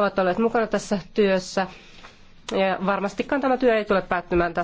ovat olleet mukana tässä työssä. Ja varmastikaan tämä työ ei tule päättymään